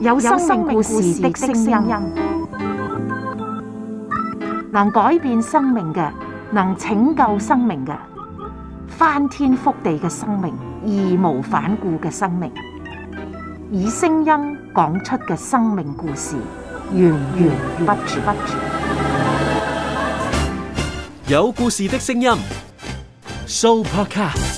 有生命故事的聲音，能改變生命嘅，能拯救生命嘅，翻天覆地嘅生命，義無反顧嘅生命，以聲音講出嘅生命故事，源源不絕。有故事的聲音，Soupercast。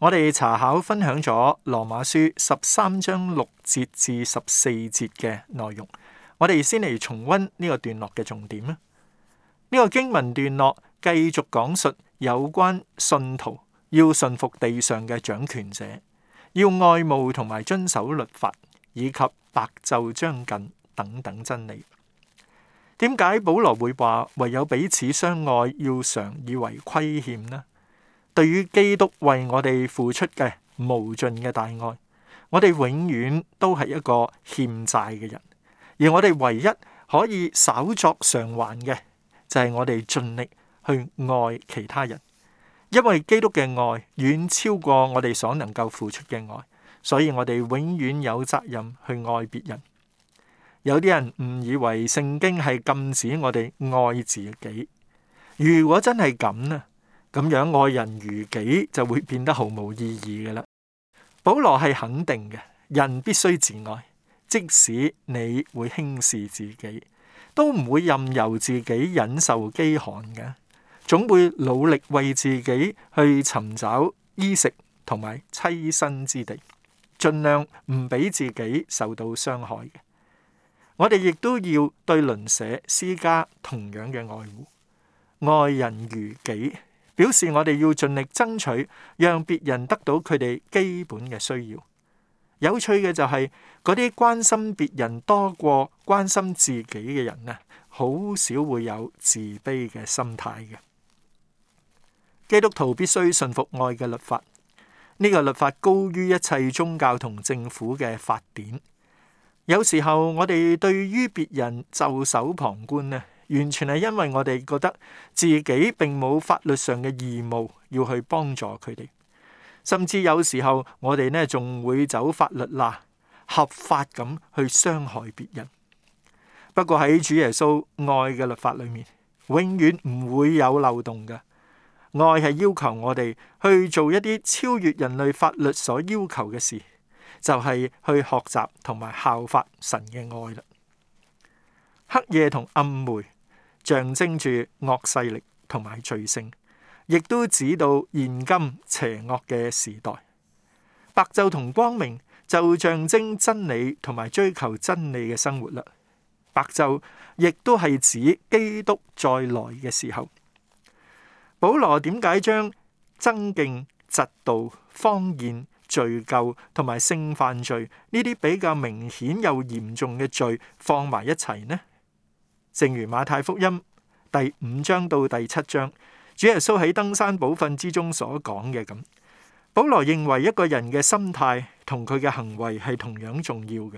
我哋查考分享咗羅馬書十三章六節至十四節嘅內容，我哋先嚟重溫呢個段落嘅重點啦。呢個經文段落繼續講述有關信徒要順服地上嘅掌權者，要愛慕同埋遵守律法，以及白晝將近等等真理。點解保羅會話唯有彼此相愛，要常以為虧欠呢？對於基督為我哋付出嘅無盡嘅大愛，我哋永遠都係一個欠債嘅人，而我哋唯一可以稍作償還嘅，就係我哋盡力去愛其他人。因為基督嘅愛遠超過我哋所能夠付出嘅愛，所以我哋永遠有責任去愛別人。有啲人誤以為聖經係禁止我哋愛自己。如果真係咁呢？咁樣愛人如己就會變得毫無意義嘅啦。保羅係肯定嘅，人必須自愛，即使你會輕視自己，都唔會任由自己忍受饑寒嘅，總會努力為自己去尋找衣食同埋棲身之地，盡量唔俾自己受到傷害嘅。我哋亦都要對鄰舍施加同樣嘅愛護，愛人如己。表示我哋要盡力爭取，讓別人得到佢哋基本嘅需要。有趣嘅就係、是，嗰啲關心別人多過關心自己嘅人咧，好少會有自卑嘅心態嘅。基督徒必須信服愛嘅律法，呢、這個律法高於一切宗教同政府嘅法典。有時候我哋對於別人袖手旁觀呢。完全係因為我哋覺得自己並冇法律上嘅義務要去幫助佢哋，甚至有時候我哋呢仲會走法律喇，合法咁去傷害別人。不過喺主耶穌愛嘅律法裡面，永遠唔會有漏洞嘅。愛係要求我哋去做一啲超越人類法律所要求嘅事，就係去學習同埋效法神嘅愛啦。黑夜同暗梅。象徵住惡勢力同埋罪性，亦都指到現今邪惡嘅時代。白晝同光明就象徵真理同埋追求真理嘅生活啦。白晝亦都係指基督再來嘅時候。保羅點解將爭競、嫉妒、荒宴、罪咎同埋性犯罪呢啲比較明顯又嚴重嘅罪放埋一齊呢？正如馬太福音第五章到第七章，主耶穌喺登山寶訓之中所講嘅咁，保羅認為一個人嘅心態同佢嘅行為係同樣重要嘅。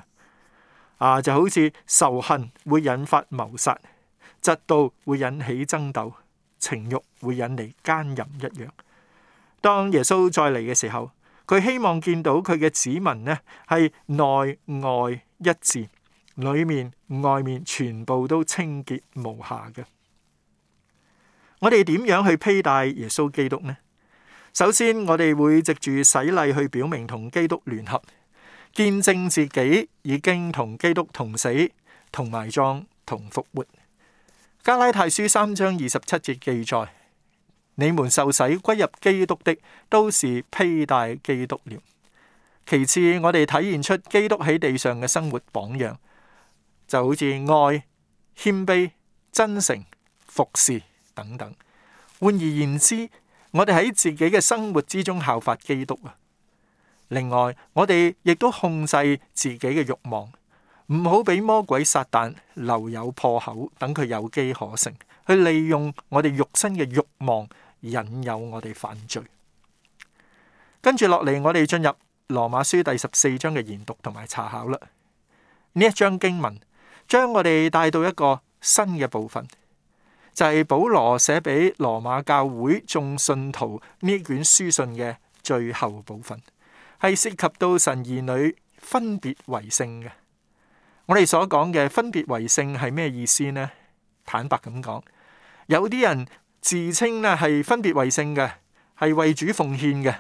啊，就好似仇恨會引發謀殺，嫉妒會引起爭鬥，情欲會引嚟奸淫一樣。當耶穌再嚟嘅時候，佢希望見到佢嘅子民呢係內外一致。裏面外面全部都清潔無瑕嘅。我哋點樣去披戴耶穌基督呢？首先，我哋會藉住洗禮去表明同基督聯合，見證自己已經同基督同死、同埋葬、同復活。加拉太書三章二十七節記載：你們受洗歸入基督的，都是披戴基督了。其次，我哋體現出基督喺地上嘅生活榜樣。就好似愛、謙卑、真誠、服侍等等。換而言之，我哋喺自己嘅生活之中效法基督啊。另外，我哋亦都控制自己嘅慾望，唔好俾魔鬼撒旦留有破口，等佢有機可乘，去利用我哋肉身嘅慾望引誘我哋犯罪。跟住落嚟，我哋進入羅馬書第十四章嘅研讀同埋查考啦。呢一章經文。將我哋帶到一個新嘅部分，就係保羅寫俾羅馬教會眾信徒呢卷書信嘅最後部分，係涉及到神兒女分別為聖嘅。我哋所講嘅分別為聖係咩意思呢？坦白咁講，有啲人自稱呢係分別為聖嘅，係為主奉獻嘅，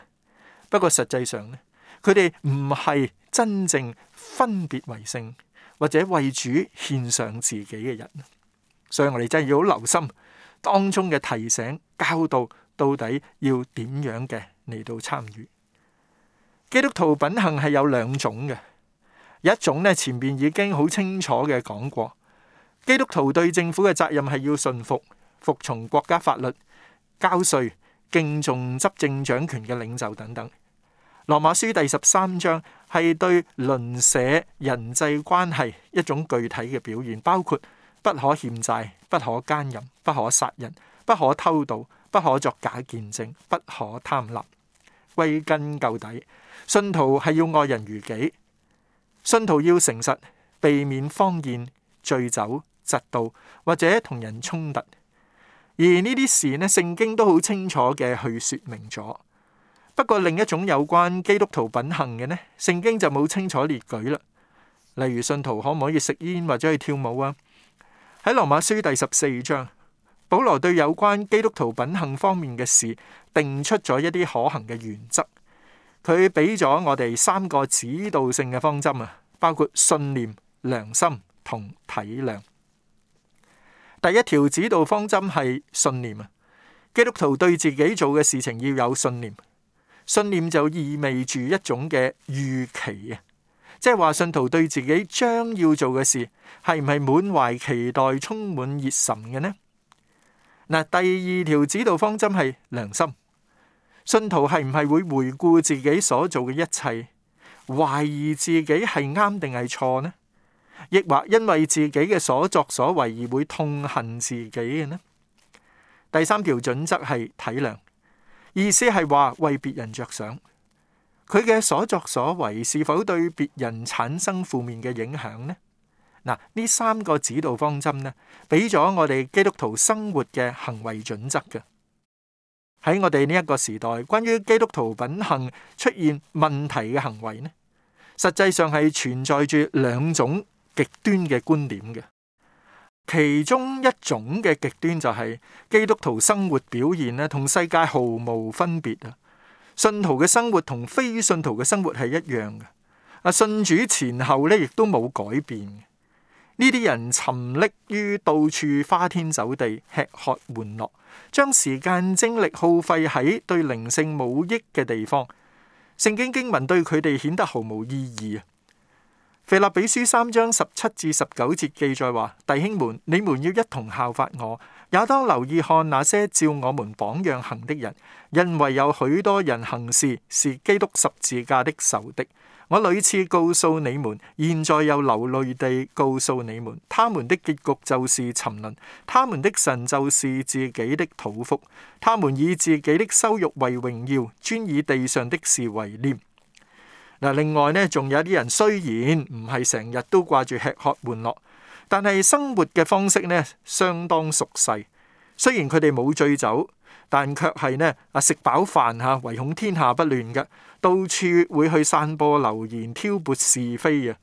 不過實際上呢，佢哋唔係真正分別為聖。或者為主獻上自己嘅人，所以我哋真係要好留心當中嘅提醒、教導，到底要點樣嘅嚟到參與。基督徒品行係有兩種嘅，一種咧前邊已經好清楚嘅講過，基督徒對政府嘅責任係要順服、服從國家法律、交稅、敬重執政掌權嘅領袖等等。羅馬書第十三章係對鄰舍人際關係一種具體嘅表現，包括不可欠債、不可姦淫、不可殺人、不可偷盜、不可作假見證、不可貪婪。歸根究底，信徒係要愛人如己，信徒要誠實，避免荒宴、醉酒、嫉妒或者同人衝突。而呢啲事呢，聖經都好清楚嘅去說明咗。不過另一種有關基督徒品行嘅，呢，聖經就冇清楚列舉啦。例如信徒可唔可以食煙或者去跳舞啊？喺羅馬書第十四章，保羅對有關基督徒品行方面嘅事定出咗一啲可行嘅原則。佢俾咗我哋三個指導性嘅方針啊，包括信念、良心同體諒。第一條指導方針係信念啊，基督徒對自己做嘅事情要有信念。信念就意味住一種嘅預期啊，即係話信徒對自己將要做嘅事係唔係滿懷期待，充滿熱忱嘅呢？嗱，第二條指導方針係良心，信徒係唔係會回顧自己所做嘅一切，懷疑自己係啱定係錯呢？亦或因為自己嘅所作所為而會痛恨自己嘅呢？第三條準則係體諒。意思係話為別人着想，佢嘅所作所為是否對別人產生負面嘅影響呢？嗱，呢三個指導方針呢，俾咗我哋基督徒生活嘅行為準則嘅。喺我哋呢一個時代，關於基督徒品行出現問題嘅行為呢，實際上係存在住兩種極端嘅觀點嘅。其中一種嘅極端就係基督徒生活表現咧，同世界毫無分別啊！信徒嘅生活同非信徒嘅生活係一樣嘅，啊信主前後咧亦都冇改變。呢啲人沉溺於到處花天酒地、吃喝玩樂，將時間精力耗費喺對靈性冇益嘅地方，聖經經文對佢哋顯得毫無意義啊！腓立比書三章十七至十九節記載話：弟兄們，你們要一同效法我，也當留意看那些照我們榜樣行的人，因為有許多人行事是基督十字架的仇敵。我屢次告訴你們，現在又流淚地告訴你們，他們的結局就是沉淪，他們的神就是自己的土福，他們以自己的羞辱為榮耀，專以地上的事為念。嗱，另外咧，仲有啲人雖然唔係成日都掛住吃喝玩樂，但係生活嘅方式咧相當俗世。雖然佢哋冇醉酒，但卻係咧啊食飽飯嚇，唯恐天下不亂嘅，到處會去散播流言挑撥是非啊！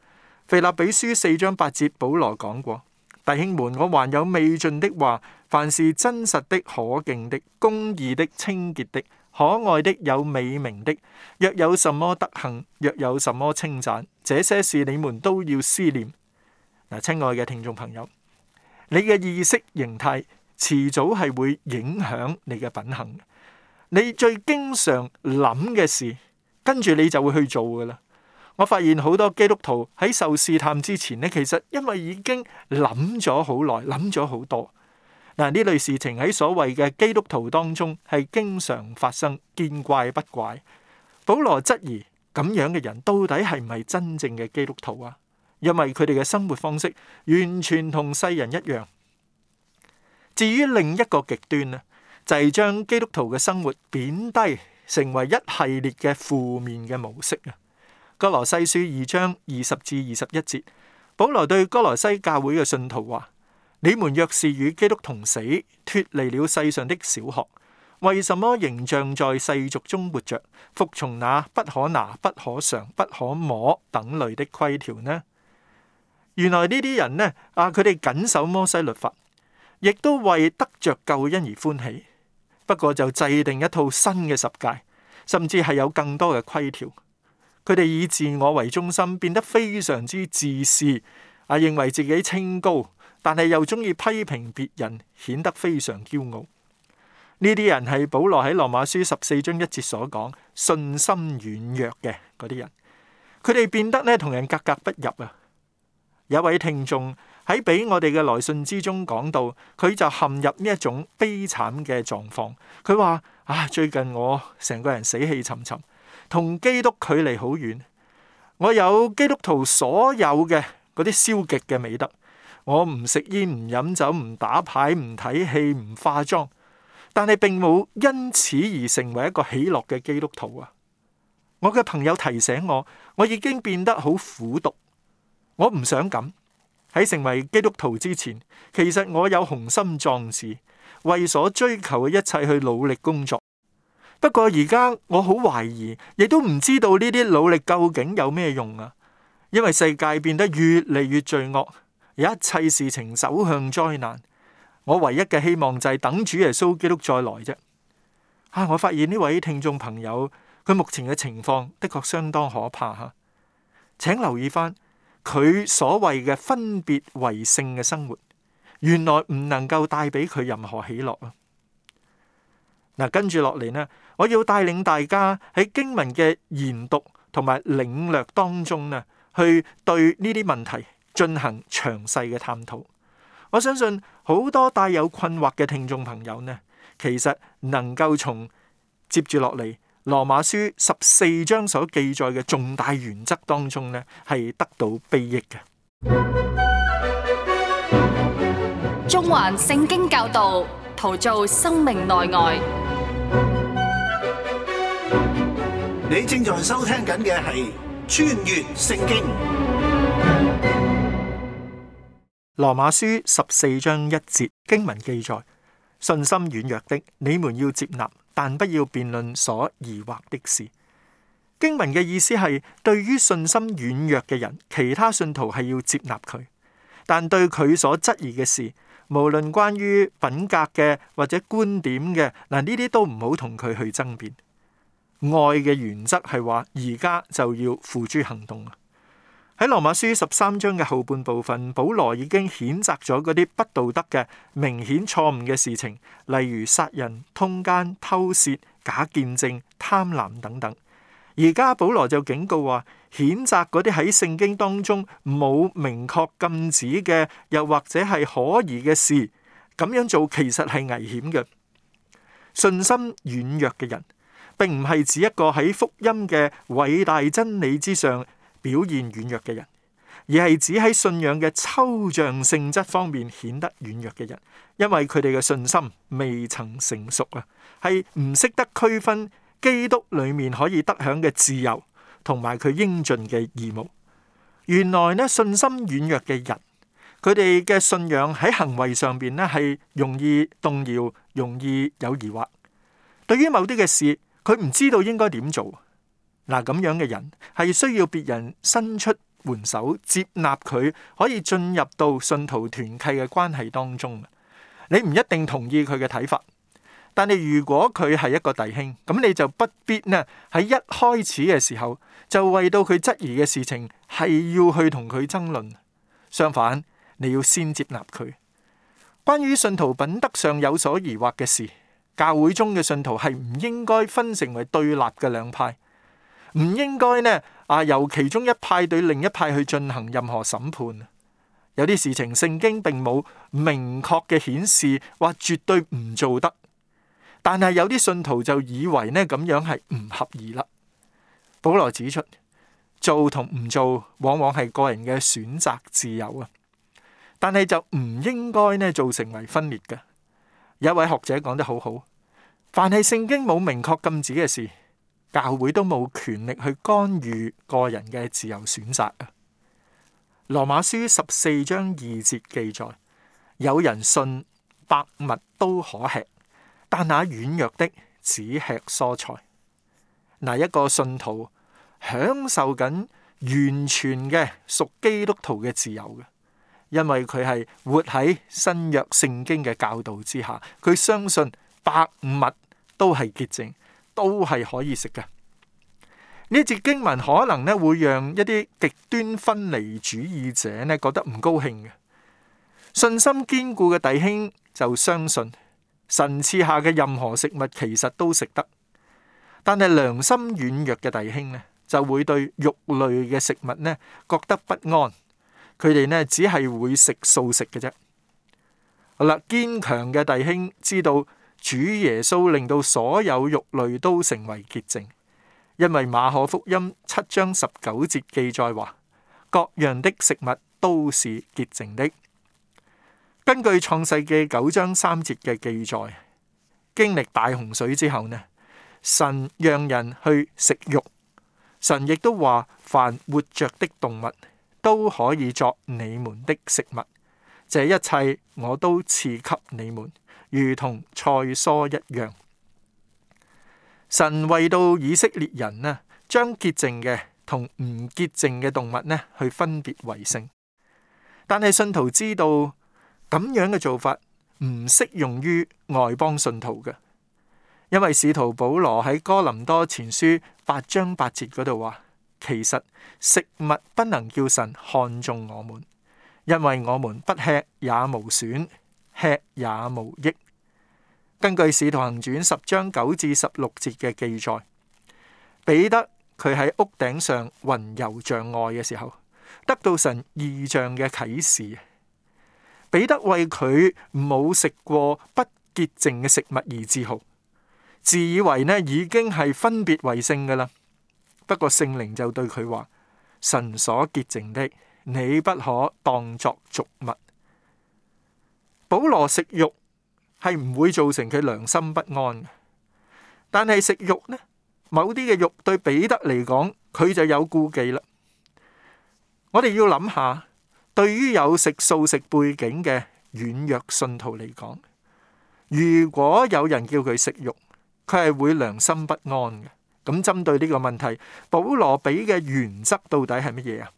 腓立比書四章八節，保羅講過：弟兄們，我還有未盡的話，凡是真實的、可敬的、公義的、清潔的。可愛的，有美名的，若有什麼德行，若有什麼稱讚，這些事你們都要思念。嗱，親愛嘅聽眾朋友，你嘅意識形態遲早係會影響你嘅品行。你最經常諗嘅事，跟住你就會去做㗎喇。我發現好多基督徒喺受試探之前呢，其實因為已經諗咗好耐，諗咗好多。嗱，呢類事情喺所謂嘅基督徒當中係經常發生，見怪不怪。保羅質疑咁樣嘅人到底係唔係真正嘅基督徒啊？因為佢哋嘅生活方式完全同世人一樣。至於另一個極端呢，就係將基督徒嘅生活貶低，成為一系列嘅負面嘅模式啊。哥羅西書二章二十至二十一節，保羅對哥羅西教會嘅信徒話。你們若是與基督同死，脫離了世上的小學，為什麼仍像在世俗中活着，服從那不可拿、不可嘗、不可摸等類的規條呢？原來呢啲人呢，啊，佢哋謹守摩西律法，亦都為得着救恩而歡喜。不過就制定一套新嘅十誡，甚至係有更多嘅規條。佢哋以自我為中心，變得非常之自私，啊，認為自己清高。但係又中意批評別人，顯得非常驕傲。呢啲人係保羅喺羅馬書十四章一節所講信心軟弱嘅嗰啲人，佢哋變得咧同人格格不入啊！有位聽眾喺俾我哋嘅來信之中講到，佢就陷入呢一種悲慘嘅狀況。佢話：啊，最近我成個人死氣沉沉，同基督距離好遠。我有基督徒所有嘅嗰啲消極嘅美德。我唔食煙，唔飲酒，唔打牌，唔睇戲，唔化妝，但係並冇因此而成為一個喜樂嘅基督徒啊。我嘅朋友提醒我，我已經變得好苦毒。我唔想咁。喺成為基督徒之前，其實我有雄心壯志，為所追求嘅一切去努力工作。不過而家我好懷疑，亦都唔知道呢啲努力究竟有咩用啊？因為世界變得越嚟越罪惡。一切事情走向災難，我唯一嘅希望就係等主耶穌基督再來啫。啊，我發現呢位聽眾朋友佢目前嘅情況的確相當可怕吓，請留意翻佢所謂嘅分別為聖嘅生活，原來唔能夠帶俾佢任何喜樂啊！嗱，跟住落嚟呢，我要帶領大家喺經文嘅研讀同埋領略當中呢，去對呢啲問題。進行詳細嘅探討，我相信好多帶有困惑嘅聽眾朋友呢，其實能夠從接住落嚟羅馬書十四章所記載嘅重大原則當中呢，係得到裨益嘅。中環聖經教導，陶造生命內外。你正在收聽緊嘅係《穿越聖經》。羅馬書十四章一節經文記載：信心軟弱的你們要接納，但不要辯論所疑惑的事。經文嘅意思係，對於信心軟弱嘅人，其他信徒係要接納佢，但對佢所質疑嘅事，無論關於品格嘅或者觀點嘅，嗱，呢啲都唔好同佢去爭辯。愛嘅原則係話，而家就要付諸行動啦！喺羅馬書十三章嘅後半部分，保羅已經譴責咗嗰啲不道德嘅、明顯錯誤嘅事情，例如殺人、通姦、偷竊、假見證、貪婪等等。而家保羅就警告話，譴責嗰啲喺聖經當中冇明確禁止嘅，又或者係可疑嘅事，咁樣做其實係危險嘅。信心軟弱嘅人，並唔係指一個喺福音嘅偉大真理之上。表現軟弱嘅人，而係指喺信仰嘅抽象性質方面顯得軟弱嘅人，因為佢哋嘅信心未曾成熟啊，係唔識得區分基督裏面可以得享嘅自由同埋佢應盡嘅義務。原來呢，信心軟弱嘅人，佢哋嘅信仰喺行為上面呢係容易動搖，容易有疑惑。對於某啲嘅事，佢唔知道應該點做。嗱，咁樣嘅人係需要別人伸出援手接納佢，可以進入到信徒團契嘅關係當中。你唔一定同意佢嘅睇法，但你如果佢係一個弟兄，咁你就不必呢喺一開始嘅時候就為到佢質疑嘅事情係要去同佢爭論。相反，你要先接納佢。關於信徒品德上有所疑惑嘅事，教會中嘅信徒係唔應該分成為對立嘅兩派。唔應該呢，啊，由其中一派對另一派去進行任何審判。有啲事情聖經並冇明確嘅顯示，話絕對唔做得。但係有啲信徒就以為呢咁樣係唔合意啦。保羅指出，做同唔做，往往係個人嘅選擇自由啊。但係就唔應該呢做成為分裂嘅。有一位學者講得好好，凡係聖經冇明確禁止嘅事。教會都冇權力去干預個人嘅自由選擇啊。羅馬書十四章二節記載：有人信百物都可吃，但那軟弱的只吃蔬菜。嗱，一個信徒享受緊完全嘅屬基督徒嘅自由嘅，因為佢係活喺新約聖經嘅教導之下，佢相信百物都係潔淨。都係可以食嘅。呢節經文可能咧會讓一啲極端分離主義者咧覺得唔高興嘅。信心堅固嘅弟兄就相信神賜下嘅任何食物其實都食得，但係良心軟弱嘅弟兄咧就會對肉類嘅食物咧覺得不安。佢哋咧只係會食素食嘅啫。好啦，堅強嘅弟兄知道。主耶穌令到所有肉類都成為潔淨，因為馬可福音七章十九節記載話，各樣的食物都是潔淨的。根據創世記九章三節嘅記載，經歷大洪水之後呢，神讓人去食肉，神亦都話，凡活着的動物都可以作你們的食物，這一切我都賜給你們。如同菜蔬一樣，神為到以色列人呢，將潔淨嘅同唔潔淨嘅動物呢去分別為聖。但係信徒知道咁樣嘅做法唔適用於外邦信徒嘅，因為使徒保羅喺哥林多前書八章八節嗰度話：「其實食物不能叫神看中我們，因為我們不吃也無損。」吃也無益。根據《使徒行傳》十章九至十六節嘅記載，彼得佢喺屋頂上雲遊障礙嘅時候，得到神異象嘅啟示。彼得為佢冇食過不潔淨嘅食物而自豪，自以為呢已經係分別為聖嘅啦。不過聖靈就對佢話：神所潔淨的，你不可當作俗物。保羅食肉係唔會造成佢良心不安嘅，但係食肉呢，某啲嘅肉對彼得嚟講，佢就有顧忌啦。我哋要諗下，對於有食素食背景嘅軟弱信徒嚟講，如果有人叫佢食肉，佢係會良心不安嘅。咁針對呢個問題，保羅俾嘅原則到底係乜嘢啊？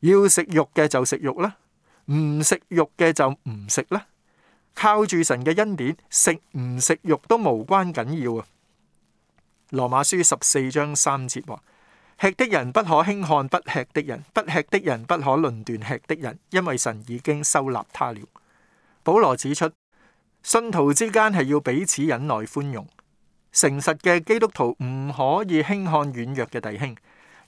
要食肉嘅就食肉啦。唔食肉嘅就唔食啦，靠住神嘅恩典，食唔食肉都無關緊要啊。羅馬書十四章三節話：吃的人不可輕看不吃的人，不吃的人不可論斷吃的人，因為神已經收納他了。保羅指出，信徒之間係要彼此忍耐寬容，誠實嘅基督徒唔可以輕看軟弱嘅弟兄。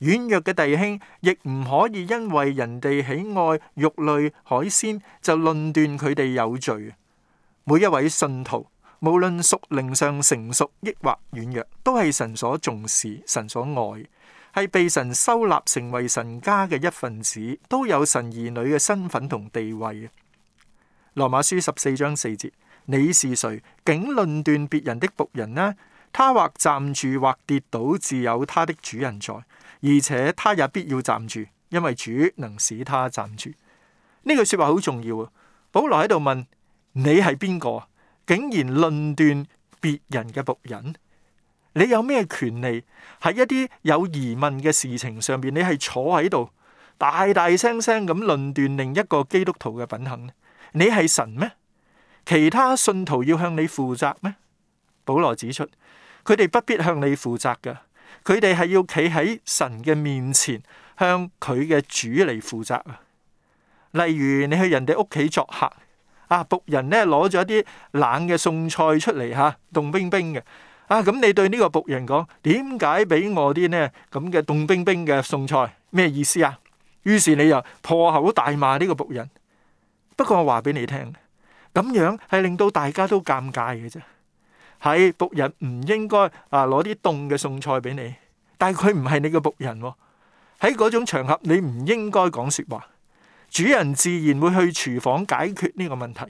軟弱嘅弟兄亦唔可以因為人哋喜愛肉類海鮮，就論斷佢哋有罪。每一位信徒，無論屬靈上成熟抑或軟弱，都係神所重視、神所愛，係被神收納成為神家嘅一份子，都有神兒女嘅身份同地位啊。羅馬書十四章四節：「你是誰，竟論斷別人的僕人呢？他或站住，或跌倒，自有他的主人在。而且他也必要站住，因為主能使他站住。呢句說話好重要啊。保羅喺度問：你係邊個啊？竟然論斷別人嘅僕人？你有咩權利喺一啲有疑問嘅事情上邊？你係坐喺度大大聲聲咁論斷另一個基督徒嘅品行呢？你係神咩？其他信徒要向你負責咩？保羅指出：佢哋不必向你負責㗎。佢哋係要企喺神嘅面前，向佢嘅主嚟負責啊！例如你去人哋屋企作客，啊僕人咧攞咗啲冷嘅餸菜出嚟吓，啊、凍冰冰嘅。啊咁，你對呢個僕人講，點解俾我啲呢咁嘅凍冰冰嘅餸菜？咩意思啊？於是，你又破口大罵呢個僕人。不過我話俾你聽，咁樣係令到大家都尷尬嘅啫。係僕人唔應該啊攞啲凍嘅餸菜俾你，但係佢唔係你嘅僕人喎。喺嗰種場合，你唔應該講說話。主人自然會去廚房解決呢個問題。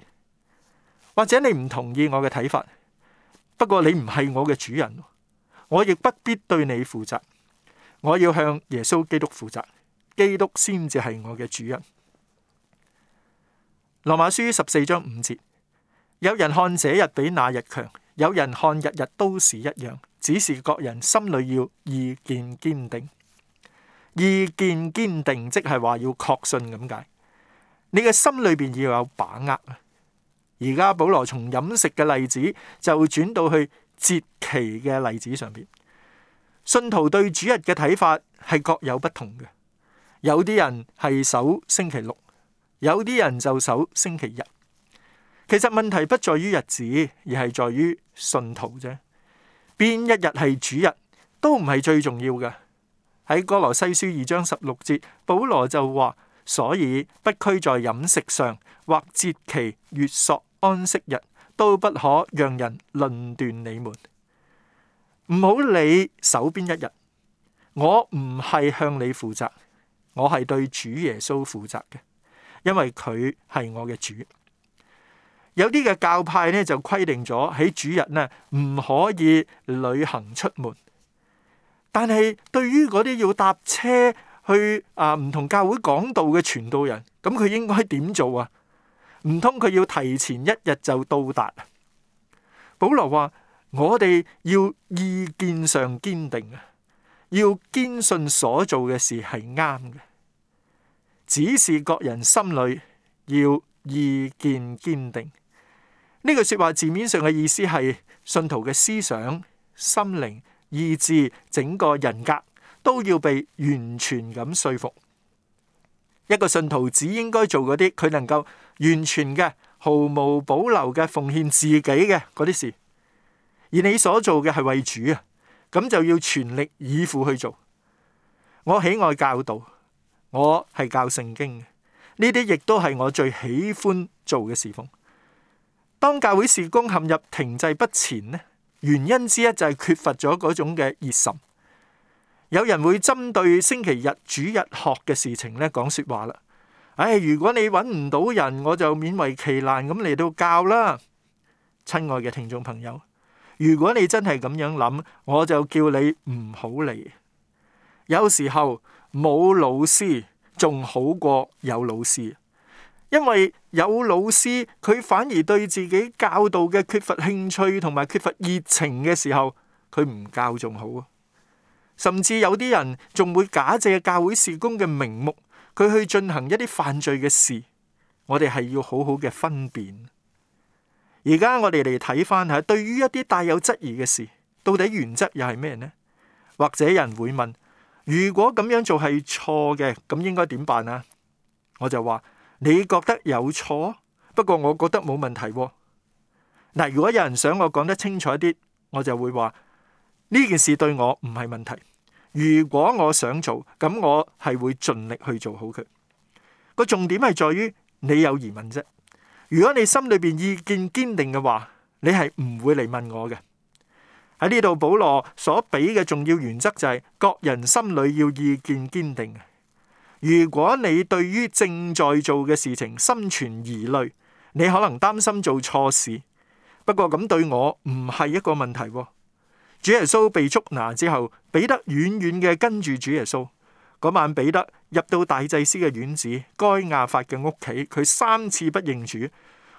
或者你唔同意我嘅睇法，不過你唔係我嘅主人，我亦不必對你負責。我要向耶穌基督負責，基督先至係我嘅主人。羅馬書十四章五節：有人看這日比那日強。有人看日日都是一樣，只是各人心裏要意見堅定。意見堅定即係話要確信咁解。你嘅心裏邊要有把握啊！而家保羅從飲食嘅例子就轉到去節期嘅例子上邊。信徒對主日嘅睇法係各有不同嘅。有啲人係守星期六，有啲人就守星期日。其實問題不在於日子，而係在於信徒啫。邊一日係主日都唔係最重要嘅。喺哥羅西書二章十六節，保羅就話：所以不拘在飲食上或節期、月朔、安息日，都不可讓人論斷你們。唔好理守邊一日，我唔係向你負責，我係對主耶穌負責嘅，因為佢係我嘅主。有啲嘅教派咧就規定咗喺主日咧唔可以旅行出門，但係對於嗰啲要搭車去啊唔同教會講道嘅傳道人，咁佢應該點做啊？唔通佢要提前一日就到達？保羅話：我哋要意見上堅定啊，要堅信所做嘅事係啱嘅，只是各人心裏要意見堅定。呢句說話字面上嘅意思係，信徒嘅思想、心靈、意志，整個人格都要被完全咁說服。一個信徒只應該做嗰啲佢能夠完全嘅、毫無保留嘅奉獻自己嘅嗰啲事。而你所做嘅係為主啊，咁就要全力以赴去做。我喜愛教導，我係教聖經嘅，呢啲亦都係我最喜歡做嘅事奉。當教會事工陷入停滯不前呢，原因之一就係缺乏咗嗰種嘅熱心。有人會針對星期日主日學嘅事情呢，講說話啦。唉、哎，如果你揾唔到人，我就勉為其難咁嚟到，教啦。親愛嘅聽眾朋友，如果你真係咁樣諗，我就叫你唔好嚟。有時候冇老師仲好過有老師。因為有老師，佢反而對自己教導嘅缺乏興趣同埋缺乏熱情嘅時候，佢唔教仲好啊。甚至有啲人仲會假借教會事工嘅名目，佢去進行一啲犯罪嘅事。我哋係要好好嘅分辨。而家我哋嚟睇翻下，對於一啲帶有質疑嘅事，到底原則又係咩呢？或者有人會問：如果咁樣做係錯嘅，咁應該點辦啊？我就話。你覺得有錯？不過我覺得冇問題，哦。嗱，如果有人想我講得清楚啲，我就會話呢件事對我唔係問題。如果我想做，咁我係會盡力去做好佢。個重點係在於你有疑問啫。如果你心裏邊意見堅定嘅話，你係唔會嚟問我嘅。喺呢度，保羅所俾嘅重要原則就係、是，各人心裏要意見堅定。如果你對於正在做嘅事情心存疑慮，你可能擔心做錯事。不過咁對我唔係一個問題。主耶穌被捉拿之後，彼得遠遠嘅跟住主耶穌。嗰晚彼得入到大祭司嘅院子，該亞法嘅屋企，佢三次不認主。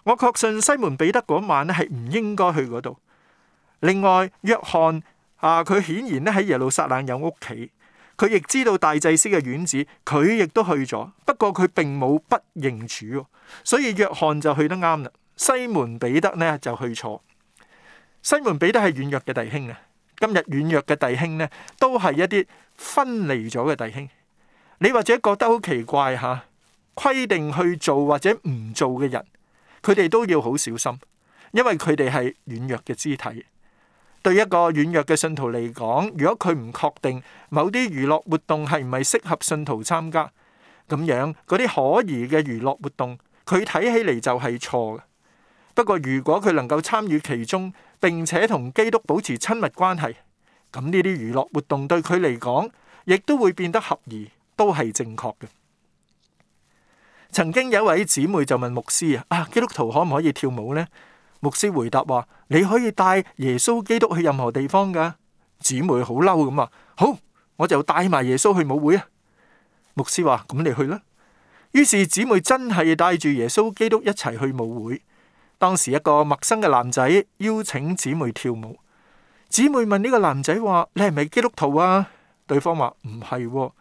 我確信西門彼得嗰晚咧係唔應該去嗰度。另外約翰啊，佢顯然咧喺耶路撒冷有屋企。佢亦知道大祭司嘅院子，佢亦都去咗。不過佢並冇不認主，所以約翰就去得啱啦。西門彼得呢，就去錯。西門彼得係軟弱嘅弟兄啊！今日軟弱嘅弟兄呢，都係一啲分離咗嘅弟兄。你或者覺得好奇怪嚇？規定去做或者唔做嘅人，佢哋都要好小心，因為佢哋係軟弱嘅肢體。對一個軟弱嘅信徒嚟講，如果佢唔確定某啲娛樂活動係唔係適合信徒參加，咁樣嗰啲可疑嘅娛樂活動，佢睇起嚟就係錯嘅。不過如果佢能夠參與其中，並且同基督保持親密關係，咁呢啲娛樂活動對佢嚟講，亦都會變得合宜，都係正確嘅。曾經有一位姊妹就問牧師啊：「基督徒可唔可以跳舞呢？」牧師回答話：你可以帶耶穌基督去任何地方噶，姊妹好嬲咁話，好我就帶埋耶穌去舞會啊！牧師話：咁你去啦。於是姊妹真係帶住耶穌基督一齊去舞會。當時一個陌生嘅男仔邀請姊妹跳舞，姊妹問呢個男仔話：你係咪基督徒啊？對方話唔係喎。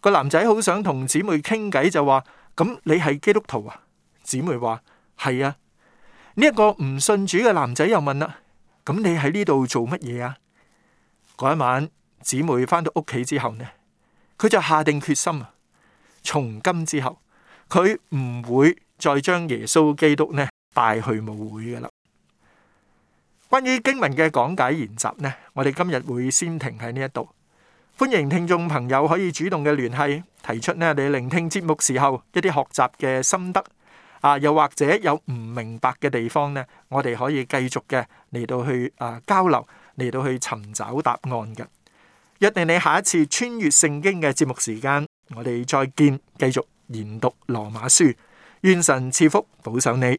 個男仔好想同姊妹傾偈，就話：咁你係基督徒啊？姊妹話：係啊。呢一個唔信主嘅男仔又問啦：咁你喺呢度做乜嘢啊？嗰一晚姊妹返到屋企之後呢，佢就下定決心啊，從今之後佢唔會再將耶穌基督呢帶去舞會噶啦。關於經文嘅講解研習呢，我哋今日會先停喺呢一度。歡迎聽眾朋友可以主動嘅聯繫，提出呢你聆聽節目時候一啲學習嘅心得。啊，又或者有唔明白嘅地方呢，我哋可以繼續嘅嚟到去啊交流，嚟到去尋找答案嘅。約定你下一次穿越聖經嘅節目時間，我哋再見，繼續研讀羅馬書，願神賜福，保守你。